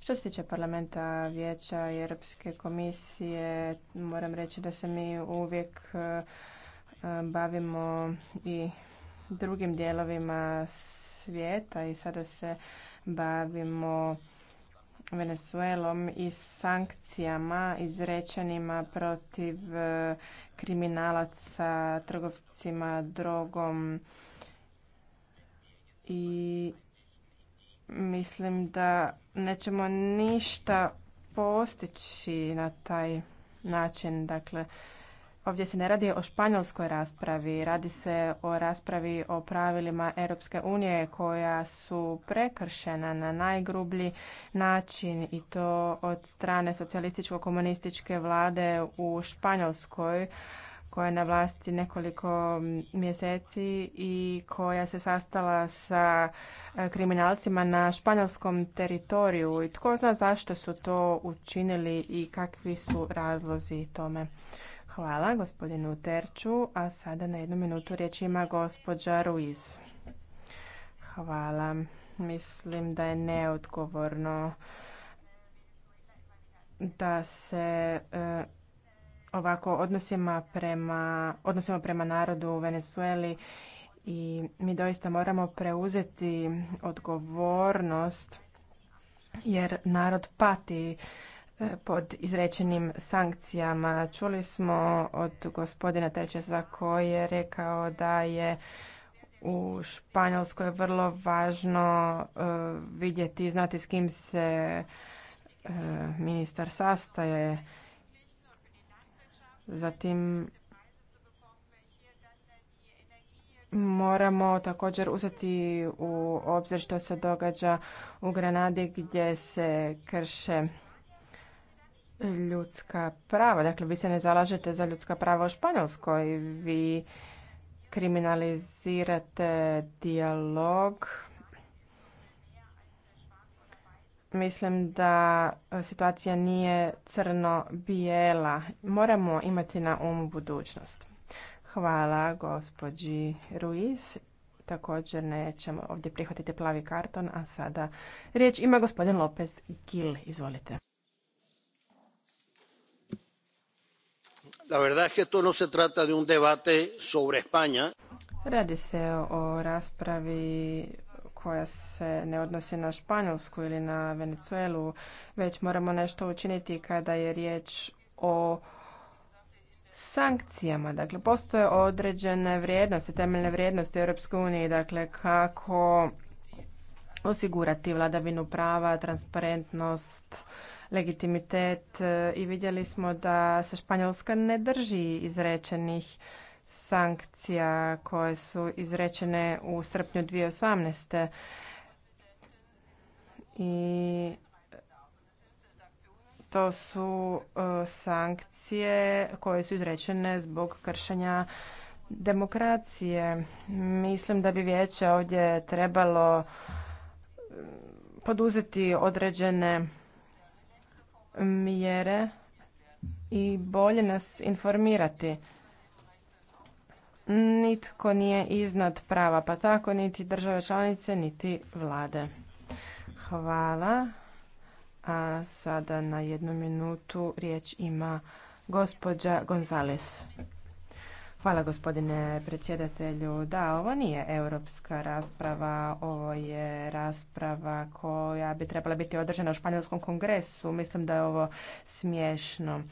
Što se tiče parlamenta, vijeća i Europske komisije, moram reći da se mi uvijek e, bavimo i drugim dijelovima svijeta i sada se bavimo Venezuelom i sankcijama izrečenima protiv e, kriminalaca, trgovcima drogom i mislim da nećemo ništa postići na taj način. Dakle, ovdje se ne radi o španjolskoj raspravi, radi se o raspravi o pravilima Europske unije koja su prekršena na najgrublji način i to od strane socijalističko-komunističke vlade u Španjolskoj koja je na vlasti nekoliko mjeseci i koja se sastala sa e, kriminalcima na španjolskom teritoriju i tko zna zašto su to učinili i kakvi su razlozi tome. Hvala gospodinu Terču, a sada na jednu minutu riječ ima gospođa Ruiz. Hvala. Mislim da je neodgovorno da se e, ovako odnosima prema, odnosima prema narodu u Venezueli i mi doista moramo preuzeti odgovornost jer narod pati e, pod izrečenim sankcijama. Čuli smo od gospodina Tečesa koji je rekao da je u Španjolskoj vrlo važno e, vidjeti i znati s kim se e, ministar sastaje Zatim moramo također uzeti u obzir što se događa u Granadi gdje se krše ljudska prava. Dakle, vi se ne zalažete za ljudska prava u Španjolskoj. Vi kriminalizirate dijalog mislim da situacija nije crno-bijela. Moramo imati na umu budućnost. Hvala gospođi Ruiz. Također nećemo ovdje prihvatiti plavi karton, a sada riječ ima gospodin Lopez Gil. Izvolite. La verdad es que esto no se trata de un debate sobre España. Radi se o raspravi koja se ne odnosi na Španjolsku ili na Venezuelu, već moramo nešto učiniti kada je riječ o sankcijama. Dakle, postoje određene vrijednosti, temeljne vrijednosti u EU, dakle kako osigurati vladavinu prava, transparentnost, legitimitet e, i vidjeli smo da se Španjolska ne drži izrečenih sankcija koje su izrečene u srpnju 2018. I to su e, sankcije koje su izrečene zbog kršenja demokracije. Mislim da bi vijeće ovdje trebalo mm, poduzeti određene mjere i bolje nas informirati nitko nije iznad prava, pa tako niti države članice, niti vlade. Hvala. A sada na jednu minutu riječ ima gospođa Gonzales. Hvala gospodine predsjedatelju. Da, ovo nije europska rasprava, ovo je rasprava koja bi trebala biti održana u Španjolskom kongresu. Mislim da je ovo smiješno.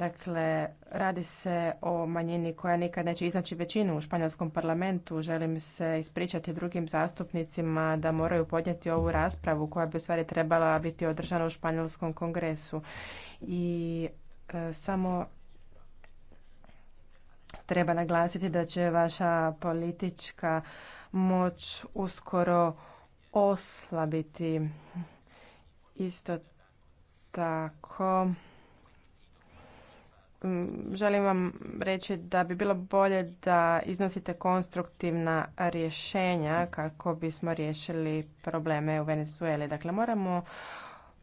Dakle, radi se o manjini koja nikad neće iznaći većinu u španjolskom parlamentu. Želim se ispričati drugim zastupnicima da moraju podnijeti ovu raspravu koja bi u stvari trebala biti održana u španjolskom kongresu. I e, samo treba naglasiti da će vaša politička moć uskoro oslabiti. Isto tako Mm, želim vam reći da bi bilo bolje da iznosite konstruktivna rješenja kako bismo riješili probleme u Venezueli. Dakle, moramo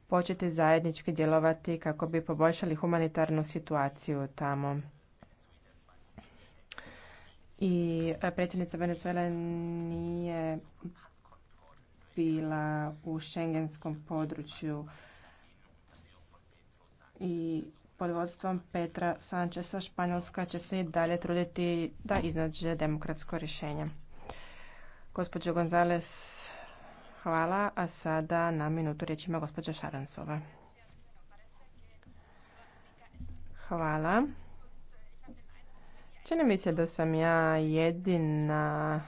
početi zajednički djelovati kako bi poboljšali humanitarnu situaciju tamo. I predsjednica Venezuele nije bila u šengenskom području i pod vodstvom Petra Sančesa Španjolska će se i dalje truditi da iznađe demokratsko rješenje. Gospođo Gonzales, hvala, a sada na minutu riječ ima gospođa Šaransova. Hvala. Čini mi se da sam ja jedina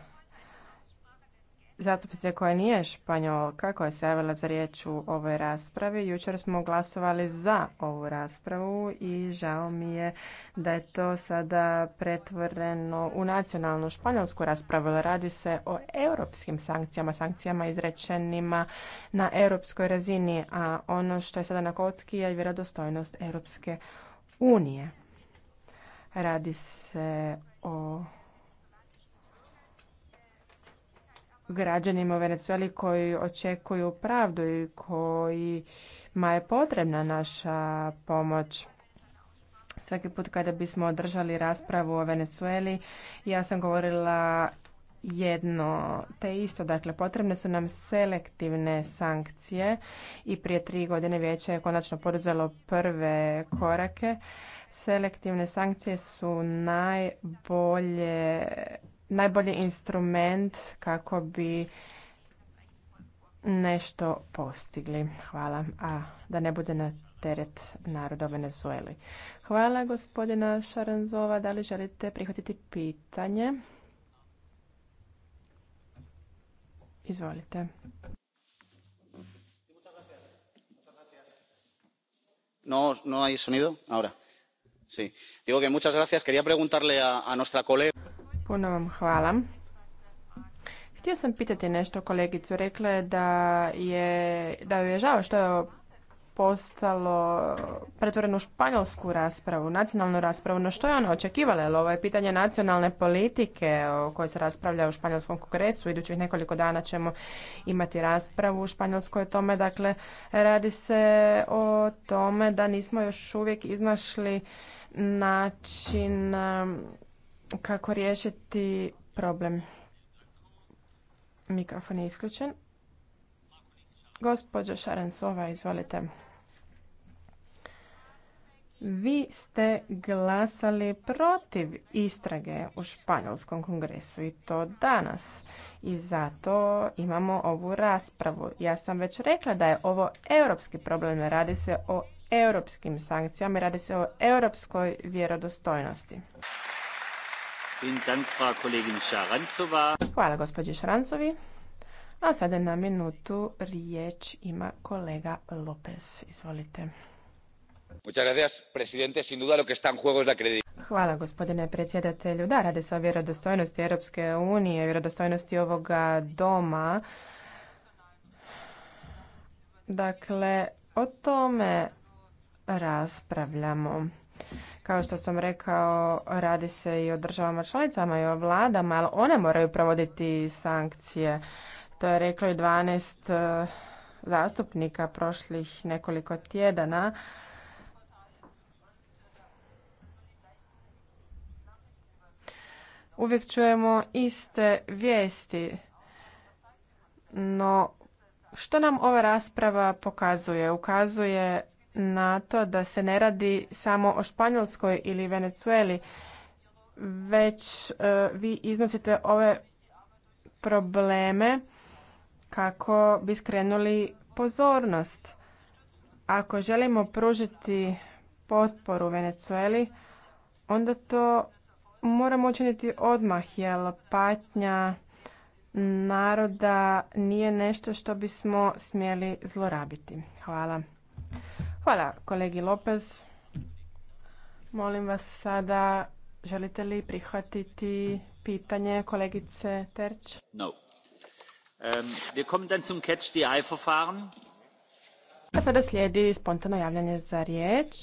zastupnice koja nije Španjolka, koja se javila za riječ u ovoj raspravi. Jučer smo glasovali za ovu raspravu i žao mi je da je to sada pretvoreno u nacionalnu španjolsku raspravu. Radi se o europskim sankcijama, sankcijama izrečenima na europskoj razini, a ono što je sada na kocki je vjerodostojnost Europske unije. Radi se o građanima u Venezueli koji očekuju pravdu i kojima je potrebna naša pomoć. Svaki put kada bismo održali raspravu o Venezueli, ja sam govorila jedno te isto. Dakle, potrebne su nam selektivne sankcije i prije tri godine vijeće je konačno poduzelo prve korake. Selektivne sankcije su najbolje najbolji instrument kako bi nešto postigli. Hvala. A da ne bude na teret naroda u Venezueli. Hvala gospodina Šaranzova. Da li želite prihvatiti pitanje? Izvolite. No, no hay sonido ahora. Sí. Digo que muchas gracias. Quería preguntarle a, a nuestra colega. Puno vam hvala. Htio sam pitati nešto kolegicu. Rekla je da, je, da je žao što je postalo pretvoreno u španjolsku raspravu, nacionalnu raspravu. No što je ona očekivala? ovo je pitanje nacionalne politike o kojoj se raspravlja u španjolskom kongresu. Idućih nekoliko dana ćemo imati raspravu u španjolskoj tome. Dakle, radi se o tome da nismo još uvijek iznašli način kako riješiti problem. Mikrofon je isključen. Gospođo Šarensova, izvolite. Vi ste glasali protiv istrage u Španjolskom kongresu i to danas. I zato imamo ovu raspravu. Ja sam već rekla da je ovo europski problem. Radi se o europskim sankcijama i radi se o europskoj vjerodostojnosti. Hvala gospođi Šarancovi. A sada na minutu riječ ima kolega Lopez. Izvolite. Hvala gospodine predsjedatelju. Da, radi se o vjerodostojnosti Europske unije, vjerodostojnosti ovoga doma. Dakle, o tome raspravljamo. Kao što sam rekao, radi se i o državama članicama i o vladama, ali one moraju provoditi sankcije. To je reklo i 12 eh, zastupnika prošlih nekoliko tjedana. Uvijek čujemo iste vijesti, no što nam ova rasprava pokazuje? Ukazuje na to da se ne radi samo o Španjolskoj ili Venecueli, već e, vi iznosite ove probleme kako bi skrenuli pozornost. Ako želimo pružiti potporu Venecueli, onda to moramo učiniti odmah, jer patnja naroda nije nešto što bismo smjeli zlorabiti. Hvala. Hvala kolegi Lopez. Molim vas sada, želite li prihvatiti pitanje kolegice Terč? No. zum Catch the Verfahren. A sada slijedi spontano javljanje za riječ.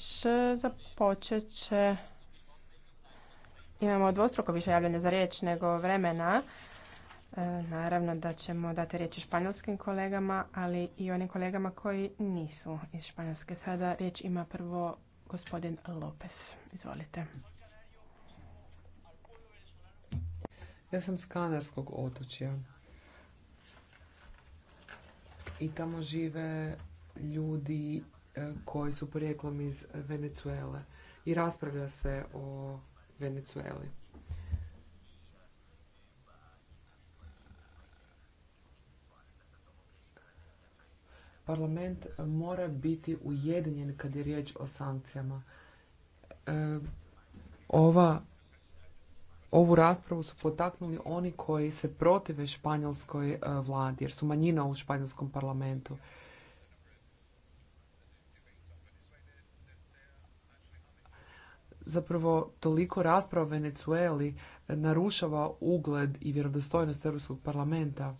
Započet će... Imamo dvostruko više javljanja za riječ nego vremena. E, naravno da ćemo dati riječ španjolskim kolegama, ali i onim kolegama koji nisu iz Španjolske. Sada riječ ima prvo gospodin Lopez. Izvolite. Ja sam s Kanarskog otočja. I tamo žive ljudi e, koji su porijeklom iz Venecuele. I raspravlja se o Venecueli. parlament mora biti ujedinjen kad je riječ o sankcijama. E, ova, ovu raspravu su potaknuli oni koji se protive španjolskoj e, vladi, jer su manjina u španjolskom parlamentu. Zapravo, toliko rasprava o Venecueli narušava ugled i vjerodostojnost Europskog parlamenta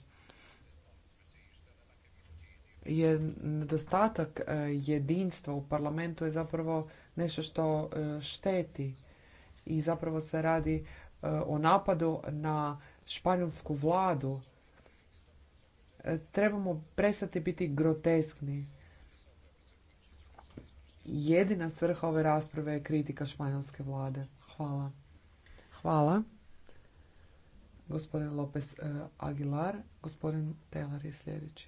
je nedostatak e, jedinstva u parlamentu je zapravo nešto što e, šteti i zapravo se radi e, o napadu na španjolsku vladu. Trebamo prestati biti groteskni. Jedina svrha ove rasprave je kritika španjolske vlade. Hvala. Hvala. Gospodin Lopez Aguilar, gospodin Telar je sljedeći.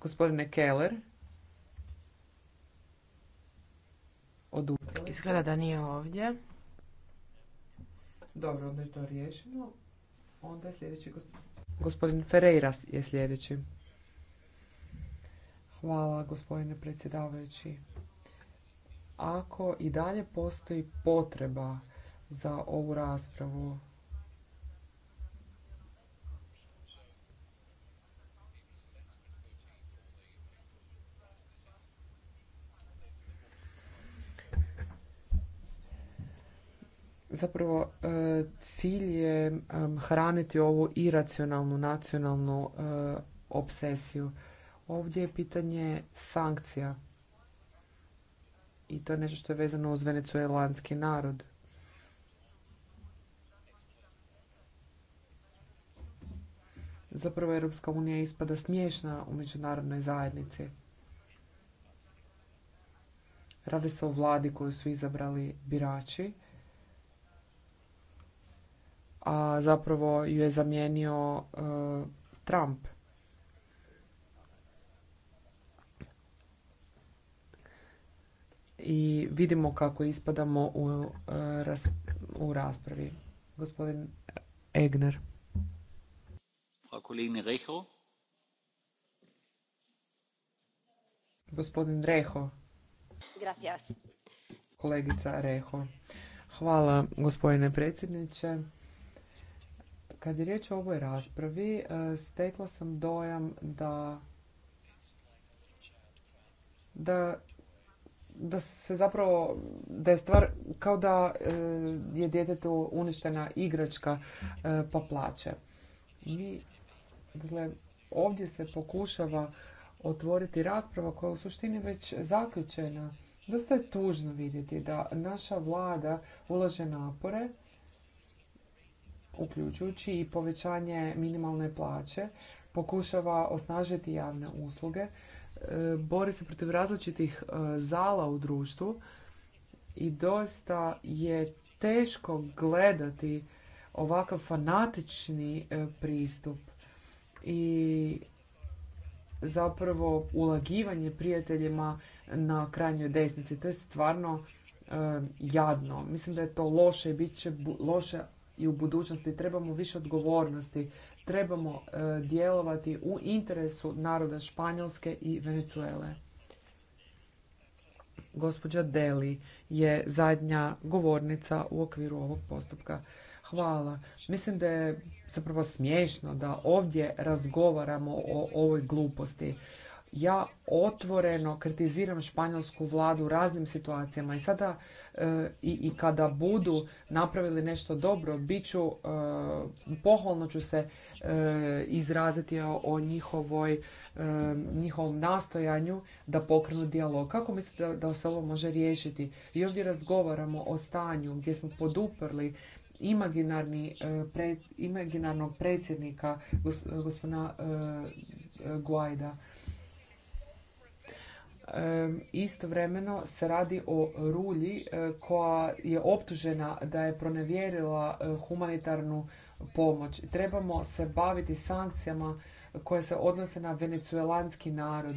Gospodine Keller. Odustali. Izgleda da nije ovdje. Dobro, onda je to riješeno. Onda je sljedeći gospodin Ferreira je sljedeći. Hvala gospodine predsjedavajući. Ako i dalje postoji potreba za ovu raspravu zapravo e, cilj je hraniti ovu iracionalnu nacionalnu e, obsesiju. Ovdje je pitanje sankcija. I to je nešto što je vezano uz venecuelanski narod. Zapravo Europska unija ispada smiješna u međunarodnoj zajednici. Radi se o vladi koju su izabrali birači a zapravo ju je zamijenio e, Trump. I vidimo kako ispadamo u, e, u raspravi. Gospodin Egner. Reho. Gospodin Reho. Gracias. Kolegica Reho. Hvala gospodine predsjedniče. Kad je riječ o ovoj raspravi, e, stekla sam dojam da da da se zapravo da je stvar kao da e, je djetetu uništena igračka pa plaće. dakle, ovdje se pokušava otvoriti rasprava koja je u suštini već zaključena. Dosta je tužno vidjeti da naša vlada ulaže napore uključujući i povećanje minimalne plaće, pokušava osnažiti javne usluge, e, bori se protiv različitih e, zala u društvu i dosta je teško gledati ovakav fanatični e, pristup i zapravo ulagivanje prijateljima na krajnjoj desnici. To je stvarno jadno. Mislim da je to loše i bit će loše i u budućnosti trebamo više odgovornosti, trebamo e, djelovati u interesu naroda Španjolske i Venezuele. Gospođa Deli je zadnja govornica u okviru ovog postupka. Hvala. Mislim da je zapravo smiješno da ovdje razgovaramo o ovoj gluposti ja otvoreno kritiziram španjolsku vladu u raznim situacijama i sada e, i, i kada budu napravili nešto dobro bit ću e, pohvalno ću se e, izraziti o, njihovoj njihovom nastojanju da pokrenu dijalog kako mislite da, da se ovo može riješiti i ovdje razgovaramo o stanju gdje smo poduprli imaginarni, imaginarnog predsjednika gospodina Guajda istovremeno se radi o rulji eh, koja je optužena da je pronevjerila eh, humanitarnu pomoć. Trebamo se baviti sankcijama koje se odnose na venecuelanski narod.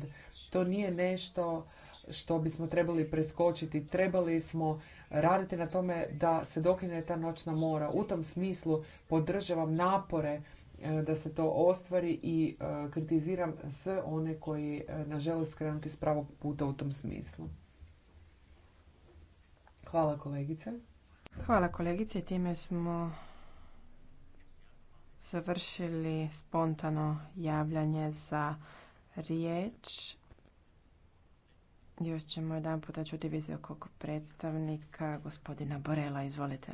To nije nešto što bismo trebali preskočiti. Trebali smo raditi na tome da se dokine ta noćna mora. U tom smislu podržavam napore E, da se to ostvari i e, kritiziram sve one koji ne žele skrenuti s pravog puta u tom smislu. Hvala kolegice. Hvala kolegice, time smo završili spontano javljanje za riječ. Još ćemo jedan puta čuti viziju kog predstavnika, gospodina Borela, izvolite.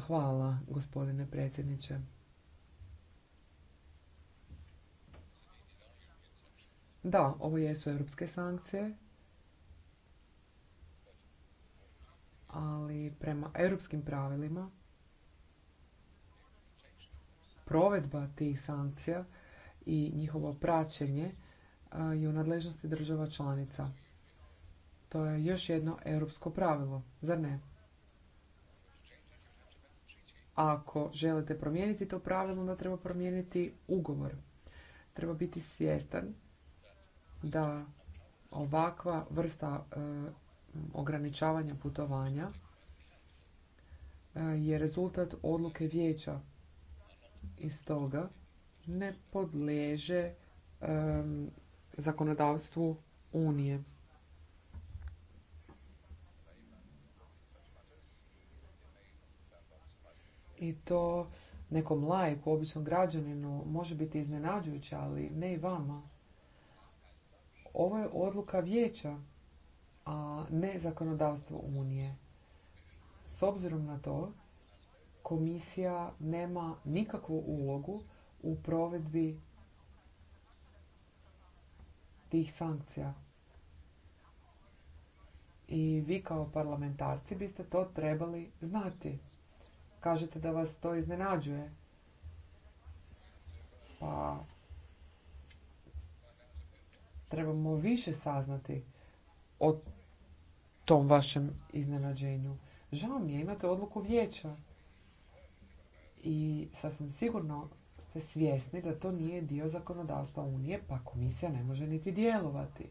Hvala, gospodine predsjedniče. Da, ovo jesu europske sankcije, ali prema europskim pravilima provedba tih sankcija i njihovo praćenje je u nadležnosti država članica. To je još jedno europsko pravilo, zar ne? Ako želite promijeniti to pravilo, onda treba promijeniti ugovor. Treba biti svjestan da ovakva vrsta e, ograničavanja putovanja e, je rezultat odluke vijeća i stoga ne podliježe e, zakonodavstvu Unije. i to nekom lajku, običnom građaninu može biti iznenađujuće, ali ne i vama. Ovo je odluka vijeća, a ne zakonodavstvo Unije. S obzirom na to, komisija nema nikakvu ulogu u provedbi tih sankcija. I vi kao parlamentarci biste to trebali znati kažete da vas to iznenađuje. Pa trebamo više saznati o tom vašem iznenađenju. Žao mi je, imate odluku vijeća. I sasvim sigurno ste svjesni da to nije dio zakonodavstva Unije, pa komisija ne može niti djelovati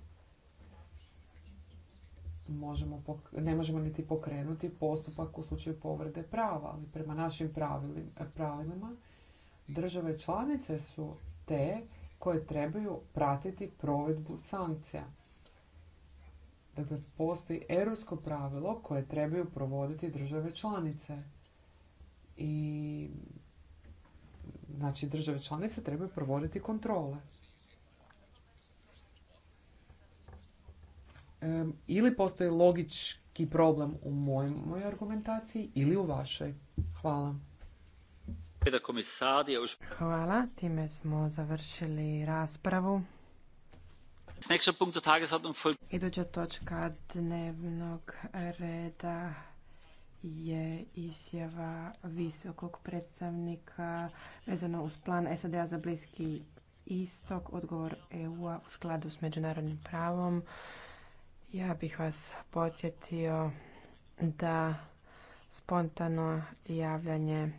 možemo, ne možemo niti pokrenuti postupak u slučaju povrede prava, ali prema našim pravilima države članice su te koje trebaju pratiti provedbu sankcija. Dakle, postoji europsko pravilo koje trebaju provoditi države članice. I znači države članice trebaju provoditi kontrole. ili postoji logički problem u mojoj, argumentaciji ili u vašoj. Hvala. Hvala, time smo završili raspravu. Iduća točka dnevnog reda je izjava visokog predstavnika vezano uz plan SAD-a za Bliski istok, odgovor EU-a u skladu s međunarodnim pravom. Ja bih vas podsjetio da spontano javljanje